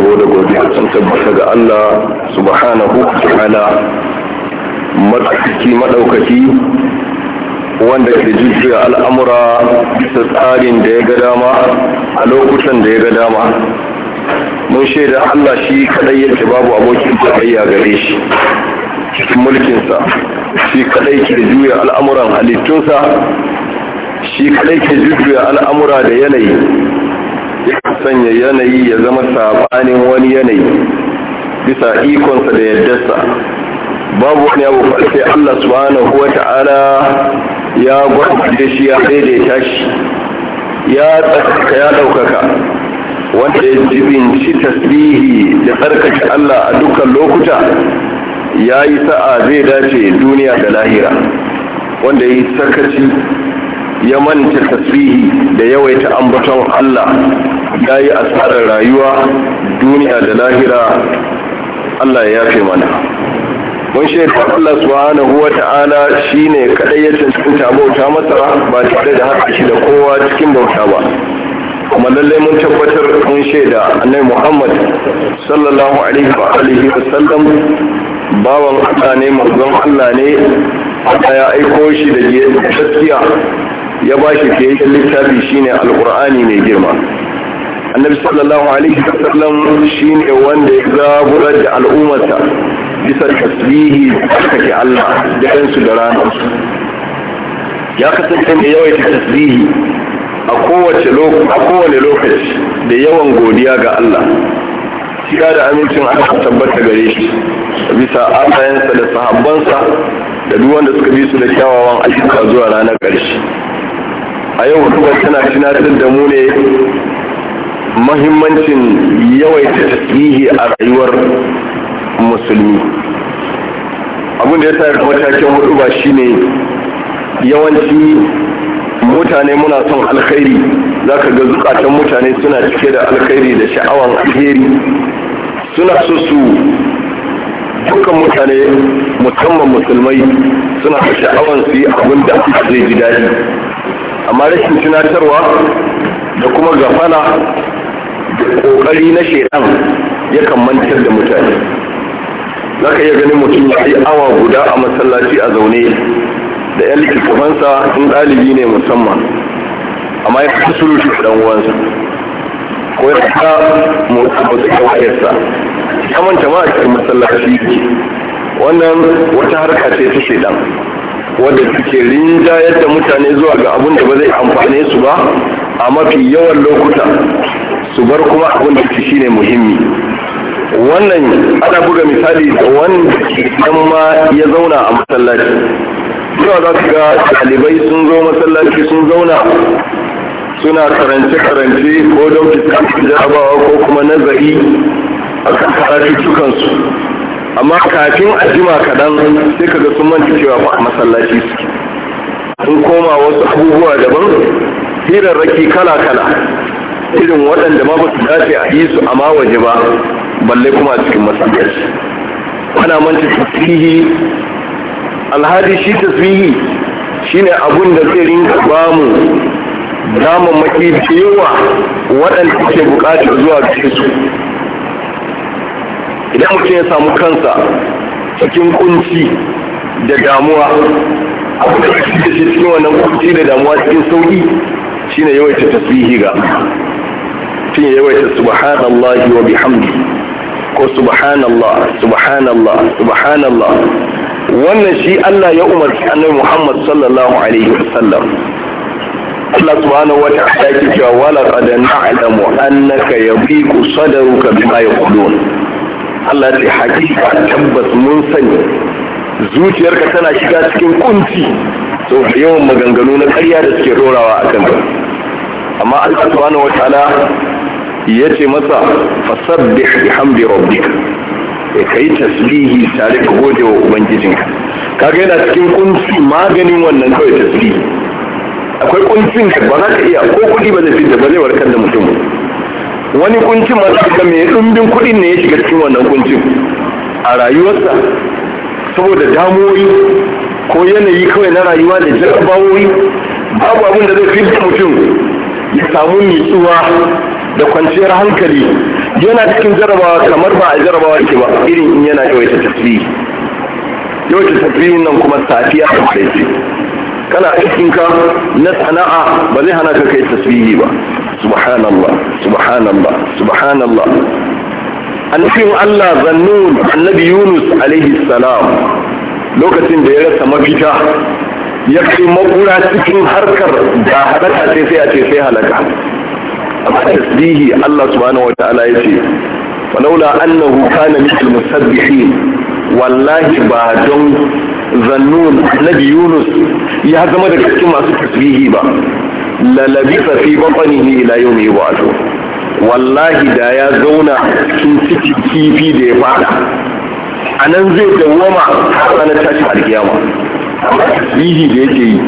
yabo da godiya sun tabbata ga Allah subhanahu wa ta'ala matsaki madaukaki wanda ke jujjuya al'amura da tsarin da ya ga dama a lokutan da ya ga dama mun shaida Allah shi kadai yake babu abokin tarayya gare shi cikin mulkinsa shi kadai ke juya al'amuran halittunsa shi kadai ke jujjuya al'amura da yanayi ya sanya yanayi ya zama sabanin wani yanayi bisa ikonsa da yardarsa babu wani abu sai Allah subhanahu wa ta'ala ya gwada shi ya daidaita shi ya tsaka ya daukaka wanda ya jibinci tasbihi da tsarkake Allah a dukkan lokuta ya yi sa'a zai dace duniya da lahira wanda ya yi sakaci ya manta tasbihi da yawaita ambaton Allah ya yi asarar rayuwa duniya da lahira Allah ya yafe mana mun shaida Allah subhanahu wa ta'ala shine kadai ya cancanta bauta masa ba tare da haka shi da kowa cikin bauta ba kuma lalle mun tabbatar mun shaida annabi Muhammad sallallahu alaihi wa alihi wa sallam Allah ne manzon Allah ne a ya aiko shi da gaskiya ya ba shi fiyayyen littafi shine alkur'ani mai girma annabi sallallahu alaihi wasallam shine wanda ya zaburar da al'ummata bisa tasbihi ke Allah da kansu da ranarsu ya kasance mai yawaita tasbihi a kowane lokaci da yawan godiya ga Allah shiga da amincin aka tabbata gare shi bisa asayensa da sahabbansa da duk wanda suka bi su da kyawawan ayyuka zuwa ranar ƙarshe a yau hutubar tana tunatar da mu ne mahimmancin yawaita tasbihi a rayuwar musulmi abin da ya sa matakin hutuba shine yawanci mutane muna son alkhairi zaka ga zukatan mutane suna cike da alkhairi da sha'awan alheri suna so su dukkan mutane musamman musulmai suna sha'awan su yi abin da zai ji daɗi amma rashin tunatarwa da kuma gafana da kokari na shaidan yakan mantar da mutane za ka iya ganin mutum ya yi awa guda a masallaci a zaune da yan littattafansa in ɗalibi ne musamman amma ya fi sulushi ɗan uwansa ko ya ta motsa ba motsa kawayarsa kamanta ma a cikin masallaci wannan wata harka ce ta shaidan wanda suke rinjayar da mutane zuwa ga abin da ba zai amfane su ba a mafi yawan lokuta su bar kuma abin da shi ne muhimmi wannan ana buga misali da wanda ma ya zauna a masallaci zuwa za su ga ɗalibai sun zo masallaci sun zauna suna karance-karance ko don fuskantar jarabawa ko kuma nazari a kan karatu amma kafin a jima kaɗan sai ka ga sun manta cewa ba a masallaci suke sun koma wasu abubuwa daban hirarraki kala-kala irin waɗanda ma ba su dace a yi su a ma waje ba balle kuma a cikin masallaci ana manta tasbihi alhadi shi tasbihi shine abun da zai rinka ba mu damammaki cewa waɗanda ke buƙatar zuwa cikin su idan mutum ya samu kansa cikin kunci da damuwa abu da shi cikin wannan kunci da damuwa cikin sauki ne yawaita tasbihi ga mutum ya yawaita subhanallahi wa bihamdi ko subhanallah subhanallah subhanallah wannan shi Allah ya umarci annabi Muhammad sallallahu alaihi wasallam Allah subhanahu wa ta'ala yake cewa wala qad na'lamu annaka yadhiqu sadruka bima yaqulun Allah da hakika tabbas mun sani zuciyarka tana shiga cikin kunci to yawan maganganu na ƙarya da suke rorawa a kanta amma Allah subhanahu wataala ya ce masa fasabbih bihamdi rabbika eh, ya kai tasbihi tare da gode wa ubangijinka kaga yana cikin kunci maganin wannan kawai tasbihi akwai kuncin ka ba za ka iya ko kuɗi ba zai fita ba zai warkar da mutum wani kuncin masu ga mai ɗumbin kuɗin ne ya shiga cikin wannan kuncin a rayuwarsa saboda damuwoyi ko yanayi kawai na rayuwa da jarabawoyi babu abin da zai fi mutum ya samu nutsuwa da kwanciyar hankali yana cikin jarabawa kamar ba a jarabawa ke ba irin in yana yawaita tafiye yawaita tafiye nan kuma safiya a kana aikinka na sana'a ba zai hana ka kai tasbihi ba subhanallah subhanallah subhanallah annabin Allah zannun annabi Yunus alaihi salam lokacin da ya rasa mafita ya kai makura cikin harkar da halaka sai sai a ce sai halaka amma tasbihi Allah subhanahu wataala ya ce falaula annahu kana min musabbihin wallahi ba don zannun annabi yunus ya zama daga cikin masu tasbihi ba lalabisa fi batnihi ila yawmi yub'athu wallahi da ya zauna cikin ciki kifi da ya fada a nan zai dawwama har ranar tashi alkiyama tasbihi da yake yi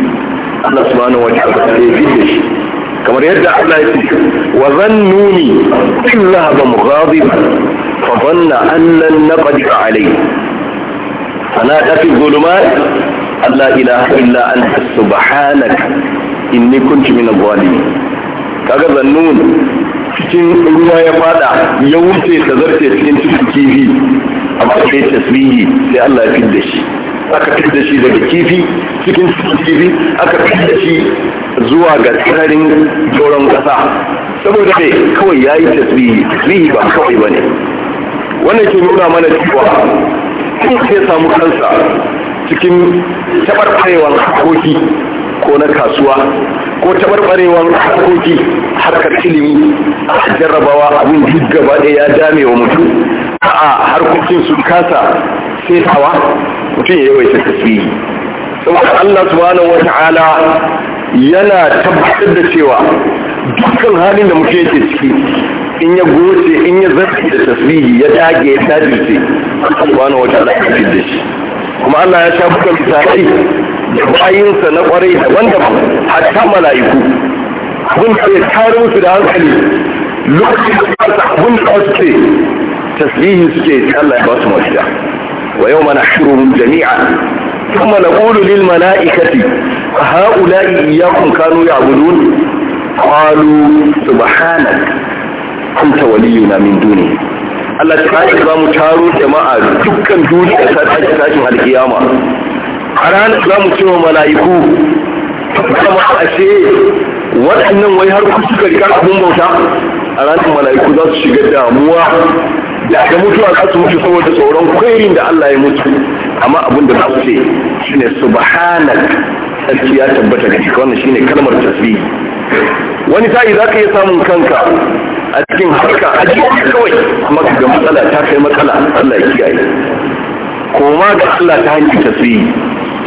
Allah subhanahu wa ta'ala sai ya shi kamar yadda Allah ya ce wa zannuni illa ba mughadiban fa dhanna anna an naqdir alayhi فنادى في الظلمات أن لا إله إلا أنت سبحانك إني كنت من الظالمين kaga zannun cikin ruwa ya fada ya wuce ta zarce cikin cikin kifi amma sai tasbihi sai Allah ya da shi aka da shi daga kifi cikin cikin kifi aka da shi zuwa ga tsarin doron kasa saboda dai kawai yi tasbihi tasbihi ba kawai ba ne. wannan ke nuna mana cewa mutum ya samu kansa cikin tabarbarewar harkoki ko na kasuwa ko tabarbarewar harkoki harkar ilimi a jarrabawa abin jirga ba ɗaya ya dame wa mutum a harkokin sun kasa setawa mutum ya yawaita tasiri saboda Allah subhanahu wa ta'ala yana tabbatar da cewa dukkan halin da mutum yake ciki in ya goce in ya zarce da tasbihi ya dage ya tajirce subhanahu wa ta'ala ya fi da shi kuma Allah ya sha bukan misalai da bayinsa na kwarai daban-daban hatta mala'iku abin da ya tare musu da hankali lokacin da ba su abin da su ce tasbihi suke Allah ya ba su mafita wa yau mana shirin jami'a ثم نقول للملائكة هؤلاء إياكم كانوا يعبدون قالوا سبحانك kunta waliyuna min duni Allah ta haka za mu taro jama'a dukkan duniya ta tashi tashin alkiyama a ranar za mu ce wa mala'iku kuma a ce waɗannan wai har kusa suka rika abin bauta a ranar mala'iku za su shiga damuwa da ga mutuwa za su mutu saboda tsoron kwairin da Allah ya mutu amma abin da za su ce shi ne subhanak sarki ya tabbata ga shi wannan ne kalmar tasiri. wani sa'i za ka iya samun kanka a cikin harka a cikin kawai maka ga matsala ta kai matsala Allah ya kiyaye koma ga Allah ta hanyar tasiri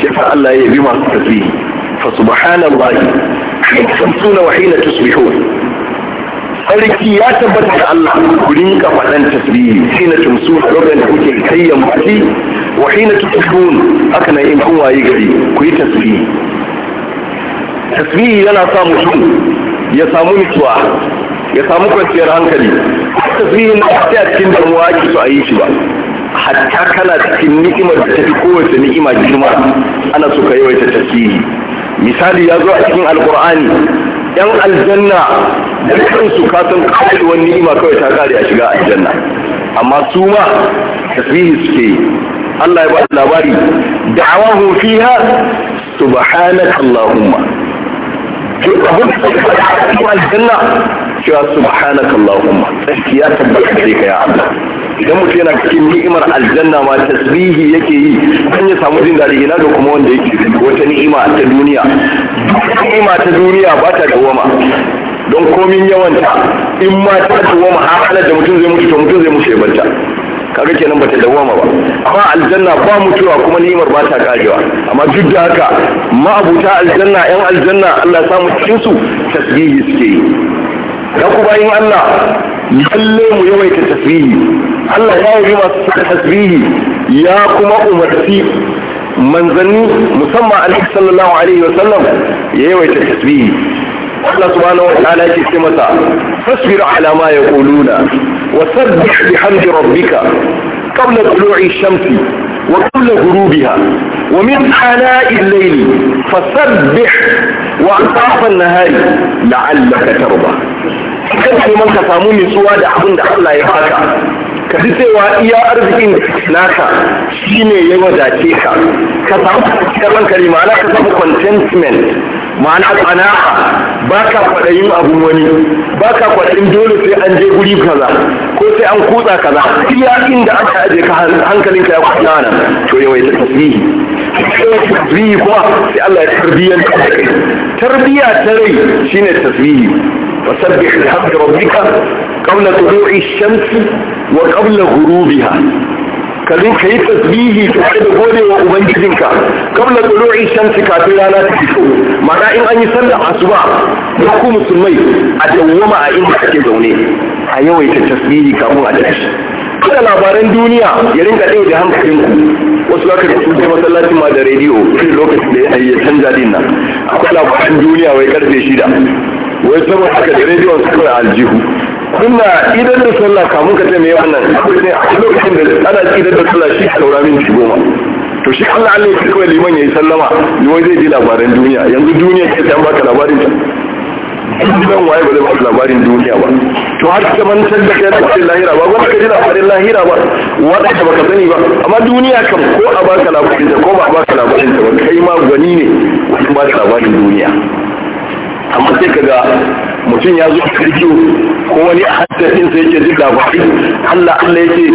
shi fa Allah ya bi masu tasiri fa subhanallahi hin samsuna wa hina tusbihun sarki ya tabbata da Allah ku rinka faɗan tasbihi hina tumsu lokacin da kuke kayyan baki wa hina tutubun haka nan in kun waye gari ku yi tasbihi tasbihi yana sa mutum ya samu nutsuwa ya samu kwanciyar hankali fi da ta cikin damuwa ake so a yi shi ba hatta kana cikin ni'imar da tafi kowace ni'ima girma ana so ka yawaita tasbihi misali ya zo a cikin alkur'ani yan aljanna da kansu ka san kawai ni'ima kawai ta kare a shiga aljanna amma su ma tasbihi suke yi Allah ya ba labari da'awahu fiha subhanaka allahumma aljanna cewa subhanaka allahumma ya tabbata gare ka ya Allah idan mutum yana cikin ni'imar aljanna ma tasbihi yake yi dan ya samu jin daɗi ina da kuma wanda yake wata ni'ima ta duniya ni'ima ta duniya ba ta dawama don komin yawanta in ma ta dawama har da mutum zai mutu to mutum zai mutu ya banta kaga kenan bata dawoma ba amma aljanna ba mutuwa kuma nimar ba ta karewa amma duk da haka ma'abuta aljanna yan aljanna Allah ya samu cikin su tasbihi suke yi dan ku bayin Allah lalle mu yawaita tasbihi Allah ya yi masu tasbihi ya kuma umarci manzanni musamman alaihi sallallahu alaihi wasallam ya yawaita tasbihi الله سبحانه وتعالى تسمتا فاسبر على ما يقولون وسبح بحمد ربك قبل طلوع الشمس وقبل غروبها ومن آلاء الليل فسبح وأطاف النهار لعلك ترضى كنت من تسامون من سواد عبد الله يفاك كتسوى إيا أرض إنك شيني يوزا تيكا كتسوى كلمة على كتسوى كونتنتمنت ma'ana tsana ba ka kwaɗayin abun wani ba ka kwaɗayin dole sai an je guri kaza ko sai an kutsa kaza iya inda aka aje ka hankalinka ya kwana nan to yawai ta tasbihi tasbihi kuma sai Allah ya tarbiyyar ka kai tarbiyya ta rai shine tasbihi wasabbih bihamdi rabbika qabla tulu'i ash-shamsi wa qabla ghurubiha ka yi tasbihi tare da gode wa ubangijinka kabla tulu'i shamsi kafin rana ta fito ma'ana in an yi sallar asuba ya ku musulmai a dawwama a inda kake zaune a yawaita tasbihi kafin a tashi kada labaran duniya ya rinka ɗaya da hankalinku wasu zaka da sun masallacin ma da rediyo lokacin da ya yi canza din nan akwai labaran duniya wai karfe shida wai saboda haka da rediyon suka aljihu kuma idan da sallah kamun ka ce mai wannan akwai ne a lokacin da ana idan da sallah shi saura minti goma to shi Allah Allah ya kawai liman ya yi sallama liman zai ji labarin duniya yanzu duniya ce ta baka labarin ta idan waye ba zai baka labarin duniya ba to har ka mantar da kai labarin lahira ba ba ka ji labarin lahira ba wanda ka baka sani ba amma duniya kam ko a baka labarin ta ko ba a baka labarin ta ba kai ma gwani ne wajen baka labarin duniya amma sai ka ga mutum ya zo kirkiyo ko wani a haddasin sai yake jin labari Allah Allah yake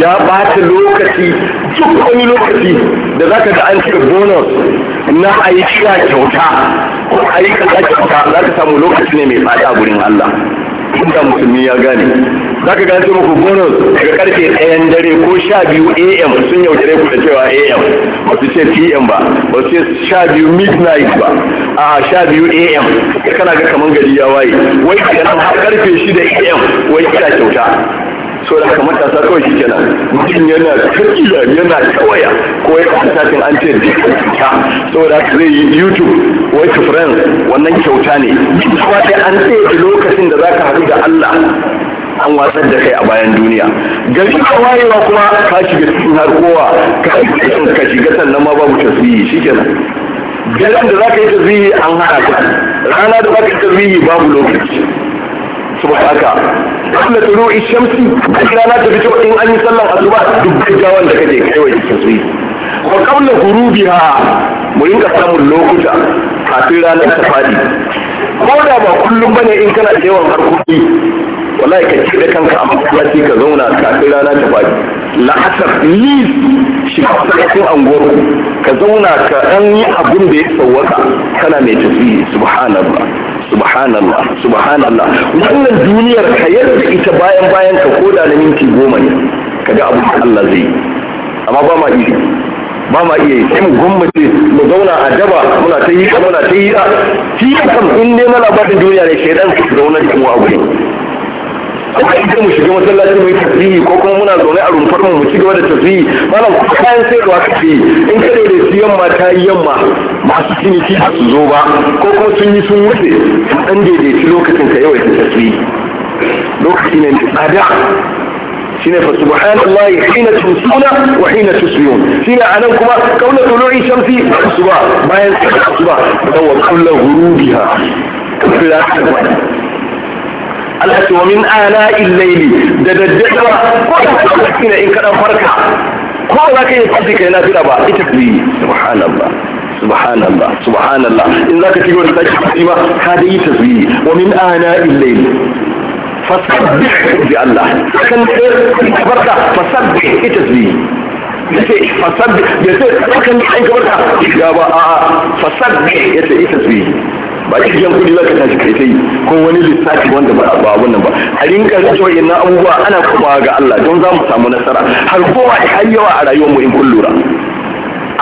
ya bata lokaci duk wani lokaci da zaka da an ce bonus na ayi kyauta ko ayi kaza kyauta zaka samu lokaci ne mai fada gurin Allah inda musulmi ya gane za ka gane muku bonus daga karfe ɗayan dare ko sha biyu am sun yaudare ku da cewa am ba su ce pm ba ba su ce sha biyu midnight ba a sha biyu am kana ga kamar gari ya waye wai kenan har karfe shida am wai kira kyauta so da haka matasa kawai shi kenan mutum yana kakila yana kawaya ko ya kwanta kan an ce duk kyauta saboda haka zai yi youtube wai to friends wannan kyauta ne kuma dai an tsaye lokacin da zaka haɗu da Allah an watsar da kai a bayan duniya gari ka wayewa kuma ka shiga cikin harkowa ka shiga sannan ma babu tasiri shikenan garin da za ka yi tasiri an haɗa ka rana da zaka ka yi tasiri babu lokaci saboda haka kabla tulu ishamsi rana ta fito in an yi sallan asuba duk gaggawan da kake kai wa su wa kabla gurubi mu rinka samun lokuta kafin rana ta fadi ko da ba kullum bane in kana da yawan harkoki wallahi ka kida da kanka a masallaci ka zauna kafin rana ta fadi la'asar ni shi masallacin anguwar ka zauna ka ɗan yi abin da ya sauwaka kana mai tafi subhanallah subhanallah subhanallah wannan duniyar ka yadda ita bayan bayan ka koda na minti goma ne kaga abu Allah zai amma ba ma iya ba ma iya sai mu gwamnati mu zauna a daba muna ta yi muna ta yi a shi kan in dai na labarin duniya ne shaidan su zauna a wa amma idan mu shiga masallaci mai yi ko kuma muna zaune a rumfar mu mu ci gaba da tasbihi malam ku kayan sayarwa kake in ka da su yamma ta yi yamma masu ciniki ba su zo ba ko kuma sun yi sun wuce dan daidaici lokacin ka yawaita tasbihi lokaci ne mai tsada شنا فسبحان الله حين تمسون وحين تسبحون شنا أنا كما قول طلوع الشمس الصباح ما ينسى الصباح هو كل غروبها في الآخر alhaji ce wa min ana illaili da daddadawa ko da kwanaki ne in kaɗan farka ko za ka yi fasi ka yi ba ita ku subhanallah subhanallah subhanallah in za ka shigo da sake fasi ba ka da yi tasbihi wa min ana illaili fasabbih bi Allah kan ka farka fasabbih ita tasbihi yace fasabbih yace kan ka farka ya ba a fasabbih ita tasbihi ba ka biyan kuɗi za ka tashi kai kai ko wani lissafi wanda ba ba wannan ba a rinka rage na abubuwa ana kuma ga Allah don za mu samu nasara har kowa har yawa a rayuwar mu in kun lura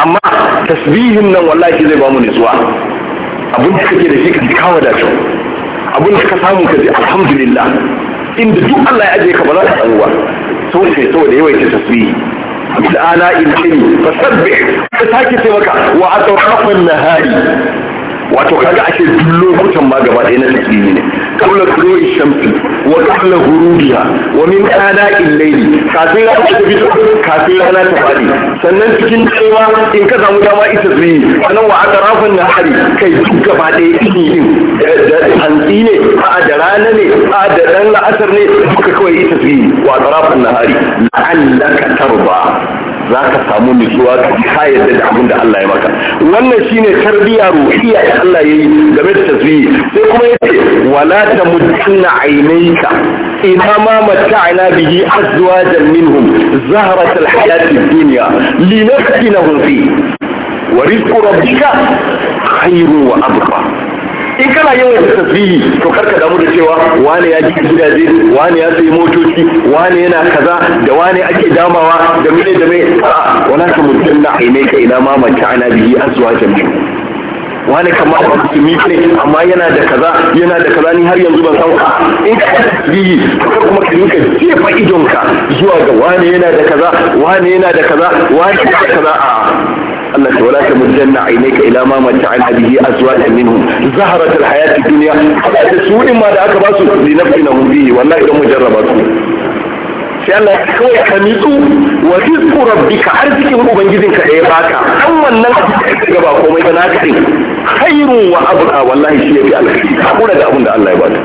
amma tasbihin nan wallahi zai ba mu nutsuwa abin da kake da shi ka kawo da kyau abin da ka samu ka ji alhamdulillah inda duk Allah ya ajiye ka ba za ka samu ba so sai so da yawaita tasbihi bil ala in kini fasabbih ka sake sai maka wa atrafan nahari wato kaga ake duk lokutan ma gaba ɗaya na taklimi ne kabla kuroyi shamsi wa kabla hurudiya wa min ana illaili kafin rana ta fito kafin rana ta faɗi sannan cikin cewa in ka samu dama ita zuyi sannan wa aka rafin na hari kai duk gaba ɗaya ini Da hantsi ne a da rana ne a da ɗan la'asar ne duka kawai ita zuyi wa aka rafin na hari la'allaka tarba za ka samu nutsuwa ka yadda da abin da Allah ya maka wannan shine tarbiya ruhiya da Allah ya yi game da tasbihi sai kuma yace wala tamuddanna aynayka ina ma mata'na bihi azwajan minhum zahrat alhayati ad-dunya linaftinahum fi wa rizqu rabbika khayrun wa abqa in kana yawan tasbihi to karka damu da cewa wane ya gina gidaje wane ya sayi motoci wane yana kaza da wane ake damawa da mene da mai a'a walakin mutum na aine ila ma mata ana bihi azwajan min wani kama da musulmi ne amma yana da kaza yana da kaza ni har yanzu ban san in ka tasbihi ka kuma ka rinka jefa idonka zuwa ga wani yana da kaza wani yana da kaza wani yana da kaza a Allah ta wala ta mujanna ainaka ila ma mata'ana a zuwa minhum zaharat hayati duniya dunya da su ma da aka ba su li nafsina bihi wallahi idan jarraba su sai Allah ya kawai ka nitsu wa rizqu rabbika arzikin ubangijin da ya baka an wannan ga ba komai ba nakin khairu wa abqa wallahi shi yafi alkhairi hakura da abin da Allah ya bata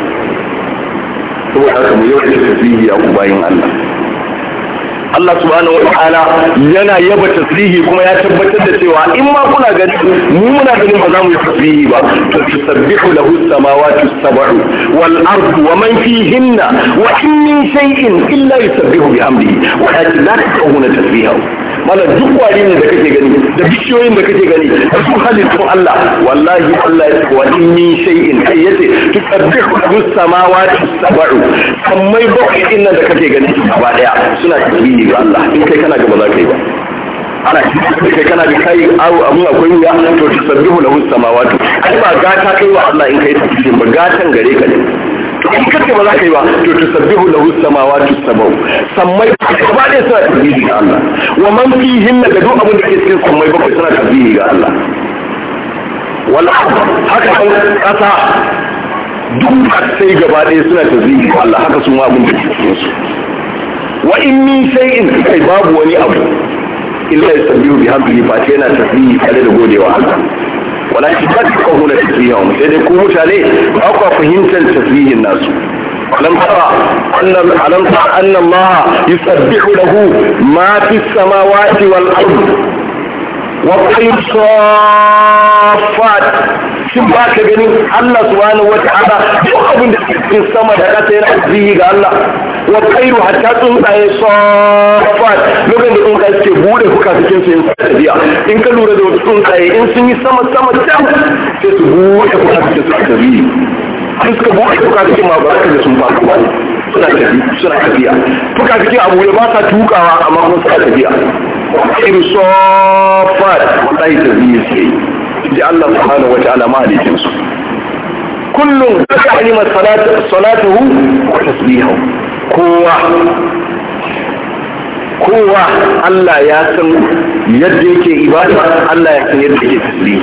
saboda haka mu yau da tasbihi ya ku bayin Allah Allah subhanahu wataala yana yaba tasbihi kuma ya tabbatar da cewa in ma kuna gani mu muna ganin ba za mu yi tasbihi ba to tusabbihu lahu samawati sab'u wal ardu wa man fihinna wa in min shay'in illa yusabbihu bihamdihi walakin la tafqahuna tasbihahu malam duk wari ne da kake gani da bishiyoyin da kake gani da su halittun Allah wallahi Allah ya ce wa in min shay'in ai yace tusabbihu bis samawati sab'u sammai bakwai din nan da kake gani gaba daya suna tasbihi ga Allah in kai kana gaba za ka yi ba ana kai kana da kai aro abun akwai wuya to tusabbihu lahu samawati ai ba gata kai wa Allah in kai tasbihi ba gatan gare ka ne in kace ba za ka yi ba to tusabbihu lahu samawati sab'u sammai gaba ɗaya suna tasbihi ga Allah wa man fi fihin ga duk abin da ke cikin sammai bakwai suna tasbihi ga Allah Wala haka kan ƙasa duk sai gaba ɗaya suna tasbihi ga Allah haka su ma abin da ke cikin su wa in min shay'in kai babu wani abu illa yasabbihu bihamdihi fa yana tasbihi tare da godewa Allah walakin tafqahuna tasbihahum sai dai ku mutane ba ku fahimtar tasbihin nasu alam tara anna alam tara anna Allah yusabbihu lahu ma fis samawati wal ardh wa ƙwai sofat shin ba ka ganin Allah subhanahu wa ta'ala duk abin da cikin sama da ƙasa yana ajiyi ga Allah wa ƙairu hatta tsuntsaye sofat lokacin da tsuntsaye suke bude fuka cikin su yin tafiya in ka lura da wasu tsuntsaye in sun yi sama sama can sai su bude fuka cikin su tafiya in suka bude kuka cikin ma ba za ka ga sun faɗi ba suna tafiya fuka cikin abu ya ba sa tukawa amma kuma suna tafiya in sofat wallahi ta biyu sai ji Allah subhanahu wa ta'ala mahalicin su kullum ka alima salatahu wa tasbihahu kowa kowa Allah ya san yadda yake ibada Allah ya san yadda yake tasiri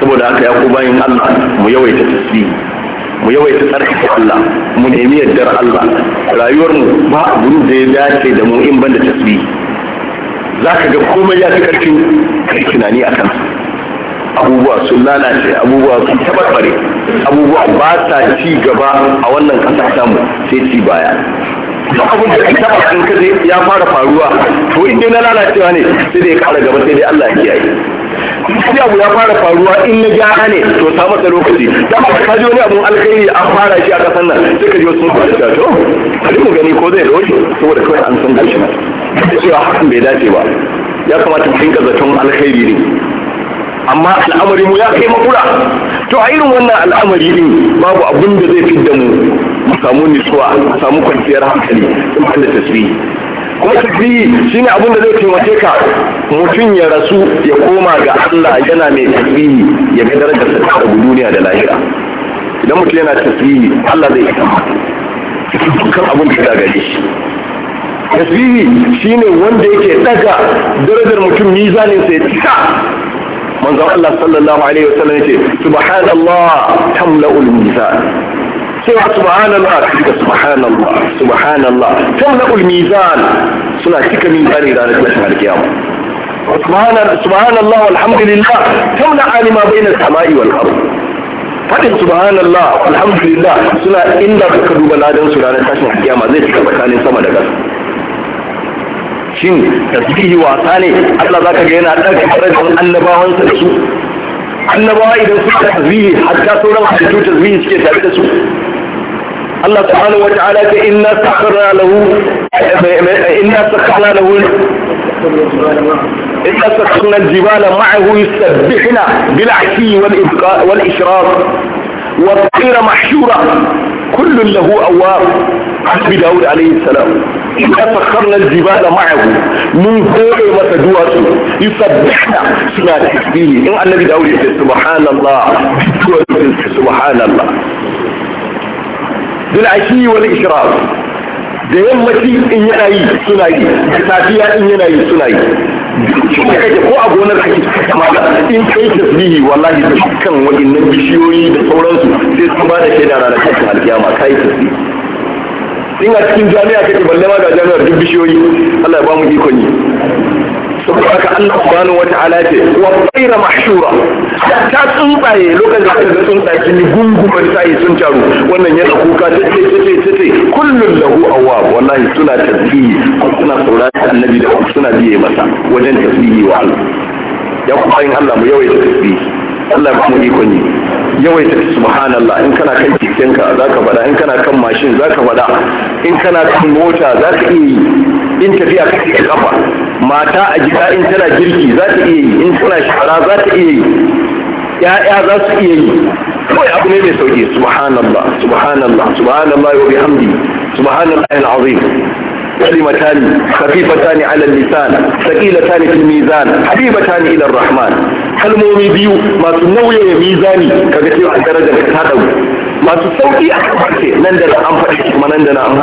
saboda haka ya ku bayan Allah mu yawaita tasiri. mu yawaita tsarkake Allah mu nemi yardar Allah rayuwar mu ba abun da ya dace da mu in banda tasbih zaka ga komai ya fi karfin kai tunani akan abubuwa sun lalace abubuwa sun tabarbare abubuwa ba sa ci gaba a wannan kasa samu sai ci baya duk abun da ka taba in kaje ya fara faruwa to in dai na lalacewa ne sai dai ya kara gaba sai dai Allah ya kiyaye shi abu ya fara faruwa in na gyara ne to ta masa lokaci da ba ka ji wani abun alkhairi an fara shi a kasan nan sai ka ji wasu mutane da to oh, bari mu gani ko zai roke saboda kawai an san gashi nan cewa hakan bai dace ba ya kamata mu dinga zaton alkhairi ne amma al'amari mu ya kai makura to a irin wannan al'amari din babu abin da zai fidda mu mu samu nutsuwa mu samu kwanciyar hankali mu kalla tasiri kuma tasbihi ne abin da zai taimake ka mutum ya rasu ya koma ga Allah yana mai tasbihi ya ga darajar sa ta duniya da lahira idan mutum yana tasbihi Allah zai yi dukkan abin da ya gare shi shi ne wanda yake daga darajar mutum mizanin sa ya tsika manzon Allah sallallahu alaihi wasallam ce subhanallah tamla'ul mizan cewa subhanallah daga subhanallah subhanallah tamla ul ulmizan suna cika mizani ranar tashin alkiyama subhanallah walhamdulillah tamla alima bayna samai wal ardh fadin subhanallah walhamdulillah suna inda suka duba ladan su ranar tashin alkiyama zai cika tsakanin sama da gasa. shin tasbihi wasa ne Allah za ka ga yana ɗaga darajar annabawansa da su annabawa idan suka tasbihi hatta sauran halittu tasbihi suke tare da su الله سبحانه وتعالى إنا سخرنا له إنا سخرنا له إنا سخرنا الجبال معه يسبحنا بالعشي والإشراق والطير محشورة كل له أواب عن داود عليه السلام إنا سخرنا الجبال معه من فوق ما يسبحنا سنة تسبيه إن النبي داود سبحان الله سبحان الله bil ashi wal ishraq da yammaci in yana yi suna yi da safiya in yana yi suna yi shi ne kake ko a gonar kake kamata in kai tasbihi wallahi da dukkan wadannan bishiyoyi da sauransu sai sun ba da shaida ranar tashin alkiyama kai tasbihi in a cikin jami'a kake balle ma ga jami'ar duk bishiyoyi Allah ya ba mu ikon yi saboda Allah subhanahu wa ta'ala ce wa ghayra mahshura ta tsuntsaye lokacin da aka tsuntsaye ni yi gungumen sai sun taru wannan yana kuka ta ce ta ce ce kullun lahu awwab wallahi suna tasbihi suna da annabi da suna biye masa wajen tasbihi wa Allah ya kuma in Allah mu yawaita tasbihi Allah ya mu ikon yi yawaita subhanallah in kana kan kekenka za ka faɗa in kana kan mashin za ka faɗa in kana kan mota za ka iya yi in tafiya kake da kafa mata a jika in tana girki za ta iya yi in tana shara za ta iya yi ya'ya za su iya yi kawai abu ne mai sauki subhanallah subhanallah subhanallah wa bihamdi subhanallah al-azim كلمتان خفيفتان على اللسان ثقيلتان في الميزان حبيبتان إلى الرحمن kalmomi biyu masu nauye mizani kaga cewa darajar ka ta dauki masu sauki a kafarce nan da an faɗi kuma nan da an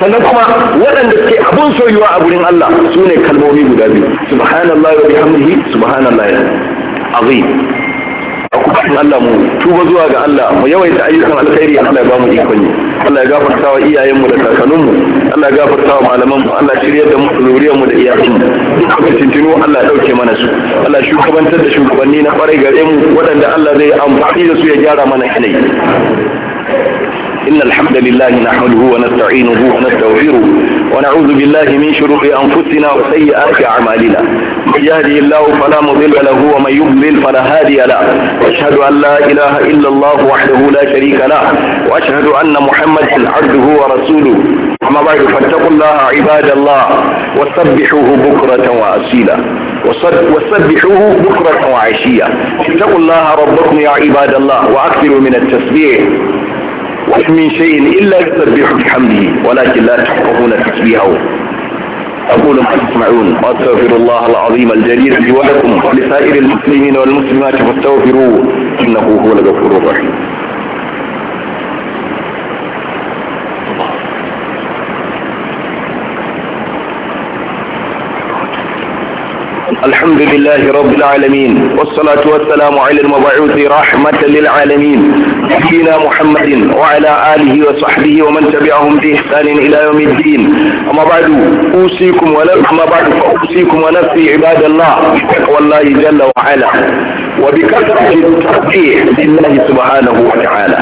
sannan kuma waɗanda suke abun soyuwa a gurin Allah su ne kalmomi guda biyu subhanallahi wa bihamdihi subhanallahi azim cikin Allah mu tuba zuwa ga Allah mu yawaita ayyukan alkhairi Allah ya ba mu ikon yi Allah ya gafarta wa iyayen mu da kakannin mu Allah ya gafarta wa malaman mu Allah shiryar da mu zuriyar mu da iyayen mu duk fitintinu Allah ya dauke mana su Allah shugabantar da shugabanni na kwarai gare mu waɗanda Allah zai amfani da su ya gyara mana yanayi إن الحمد لله نحمده ونستعينه ونستغفره ونعوذ بالله من شرور أنفسنا وسيئات أعمالنا من يهده الله فلا مضل له ومن يضلل فلا هادي له وأشهد أن لا إله إلا الله وحده لا شريك له وأشهد أن محمدا عبده ورسوله أما بعد فاتقوا الله عباد الله وسبحوه بكرة وأصيلا وسبحوه بكرة وعشية اتقوا الله ربكم يا عباد الله وأكثروا من التسبيح من شيء إلا يسبح بحمده ولكن لا تحققون تسبيحه أقول ما تسمعون وأستغفر الله العظيم الجليل لي ولكم ولسائر المسلمين والمسلمات فاستغفروه إنه هو الغفور الرحيم الحمد لله رب العالمين والصلاة والسلام على المبعوث رحمة للعالمين سيدنا محمد وعلى آله وصحبه ومن تبعهم بإحسان إلى يوم الدين أما بعد أوصيكم أما بعد فأوصيكم ونفسي عباد الله بتقوى الله جل وعلا وبكثرة التسبيح لله سبحانه وتعالى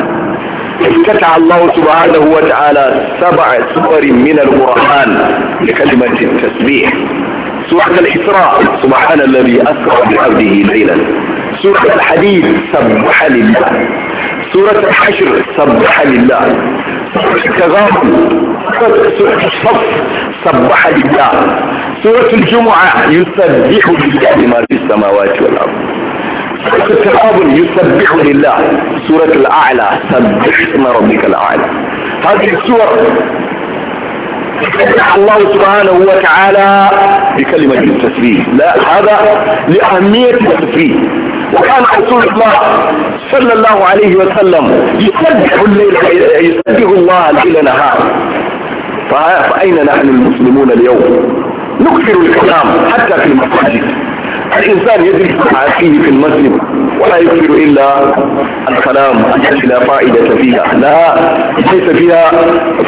افتتح الله سبحانه وتعالى سبع سور من القرآن لكلمة التسبيح سورة الإسراء سبحان الذي أسرى بعبده ليلا سورة الحديد سبح لله سورة الحشر سبح لله سورة التغافل سورة الصف سبح لله سورة الجمعة يسبح لله ما في السماوات والأرض سورة التغافل يسبح لله سورة الأعلى سبح اسم ربك الأعلى هذه السور الله سبحانه وتعالى بكلمة التسبيح لا هذا لأهمية التسبيح وكان رسول الله صلى الله عليه وسلم يسبح الليل يسبح الله ليل نهار فأين نحن المسلمون اليوم نكثر الكلام حتى في المساجد الإنسان يدرك مع أخيه في المسجد ولا يكثر إلا الكلام التي لا فائدة فيها لا ليس فيها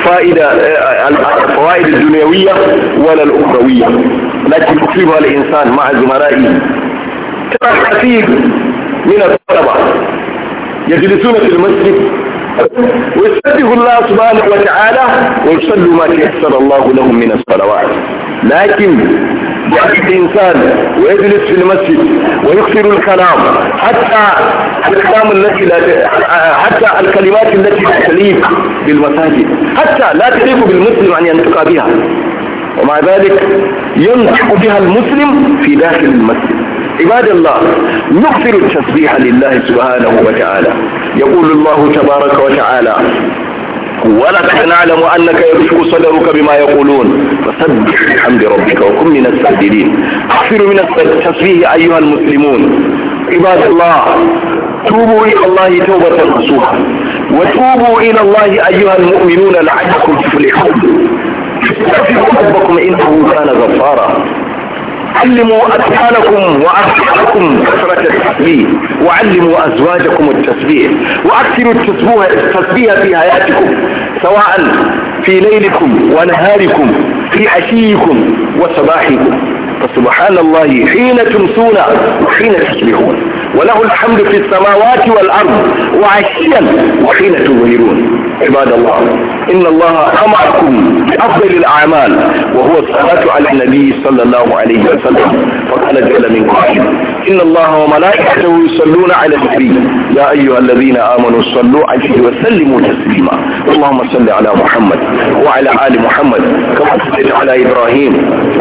فائدة آه، آه، الفوائد الدنيوية ولا الأخروية التي تصيبها الإنسان مع زملائه ترى الكثير من الطلبة يجلسون في المسجد ويسبح الله سبحانه وتعالى ويصلوا ما تيسر الله لهم من الصلوات لكن يأتي الإنسان ويجلس في المسجد ويكثر الكلام حتى الكلام التي لا حتى الكلمات التي لا تليق بالمساجد حتى لا تليق بالمسلم أن ينطق بها ومع ذلك ينطق بها المسلم في داخل المسجد عباد الله نكثر التسبيح لله سبحانه وتعالى يقول الله تبارك وتعالى ولقد نعلم أنك يضيق صدرك بما يقولون فسبح بحمد ربك وكن من الساجدين اغفروا من التسبيح أيها المسلمون عباد الله توبوا إلى الله توبة نصوحا وتوبوا إلى الله أيها المؤمنون لعلكم تفلحون استغفروا ربكم إنه كان غفارا علموا أطفالكم وأطفالكم كثرة التسبيح وعلموا أزواجكم التسبيح وأكثروا التسبيح في حياتكم سواء في ليلكم ونهاركم في عشيكم وصباحكم فسبحان الله حين تمسون وحين تسبحون وله الحمد في السماوات والأرض وعشيا وحين تظهرون عباد الله إن الله أمركم بأفضل الأعمال وهو الصلاة على النبي صلى الله عليه وسلم فقال جل من قائل إن الله وملائكته يصلون على النبي يا أيها الذين آمنوا صلوا عليه وسلموا تسليما اللهم صل على محمد وعلى آل محمد كما صليت على إبراهيم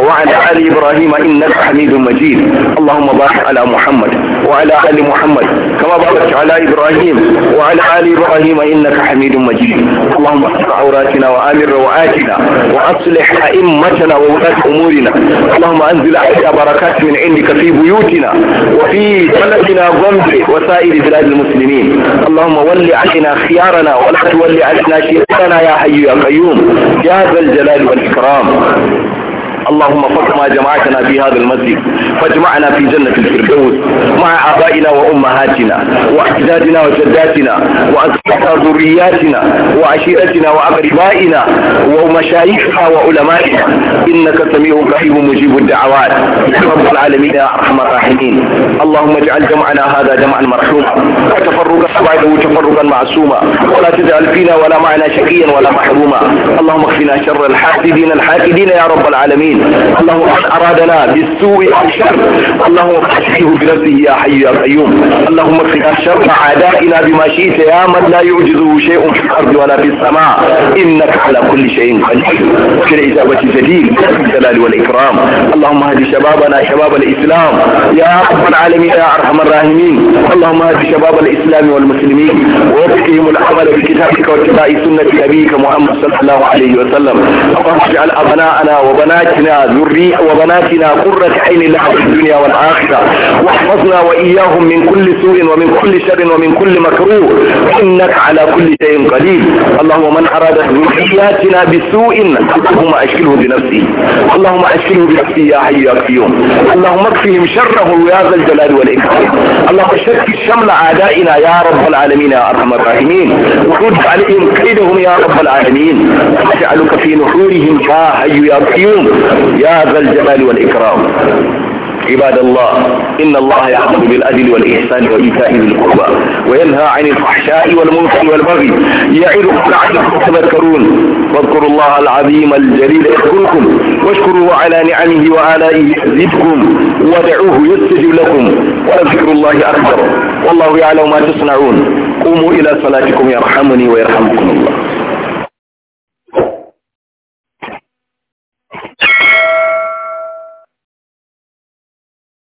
وعلى آل إبراهيم إنك حميد مجيد اللهم بارك على محمد وعلى آل محمد كما باركت على إبراهيم وعلى آل إبراهيم إنك حميد مجيد اللهم اصلح عوراتنا وآمن روعاتنا وأصلح أئمتنا وولاة أمورنا اللهم أنزل علينا بركات من عندك في بيوتنا وفي بلدنا غمبي وسائر بلاد المسلمين اللهم ول علينا خيارنا ولا تول علينا شركنا يا حي يا قيوم يا ذا الجلال والإكرام اللهم فق ما جمعتنا في هذا المسجد فاجمعنا في جنة الفردوس مع آبائنا وأمهاتنا وأجدادنا وجداتنا وأتباع ذرياتنا وعشيرتنا وأقربائنا ومشايخنا وعلمائنا إنك سميع قريب مجيب الدعوات رب العالمين يا أرحم الراحمين اللهم اجعل جمعنا هذا جمعا مرحوما وتفرقا بعده تفرقا معصوما ولا تجعل فينا ولا معنا شقيا ولا محروما اللهم اكفنا شر الحاسدين الحاسدين يا رب العالمين الظالمين اللهم قد أرادنا بالسوء والشر اللهم اكفيه بنفسه يا حي يا قيوم اللهم اكفنا شر أعدائنا بما شئت يا من لا يعجزه شيء في الأرض ولا في السماء إنك على كل شيء قدير في كالإجابة جديد الجلال والإكرام اللهم اهد شبابنا شباب الإسلام يا رب العالمين يا أرحم الراحمين اللهم اهد شباب الإسلام والمسلمين ووفقهم العمل بكتابك واتباع سنة ابيك محمد صلى الله عليه وسلم اللهم اجعل أبناءنا وبناتنا وبناتنا ذري وبناتنا قرة عين لها في الدنيا والآخرة واحفظنا وإياهم من كل سوء ومن كل شر ومن كل مكروه إنك على كل شيء قدير اللهم من أراد ذرياتنا بسوء اللهم أشكله بنفسه اللهم أشكله بنفسه يا حي يا قيوم اللهم اكفهم شره يا ذا الجلال والإكرام اللهم شك شمل أعدائنا يا رب العالمين يا أرحم الراحمين ورد عليهم كيدهم يا رب العالمين واجعلك في نحورهم يا حي يا قيوم يا ذا الجلال والإكرام عباد الله إن الله يأمر بالعدل والإحسان وإيتاء ذي القربى وينهى عن الفحشاء والمنكر والبغي يعظكم لعلكم تذكرون واذكروا الله العظيم الجليل يذكركم واشكروه على نعمه وآلائه يزدكم ودعوه يستجب لكم ولذكر الله أكبر والله يعلم ما تصنعون قوموا إلى صلاتكم يرحمني ويرحمكم الله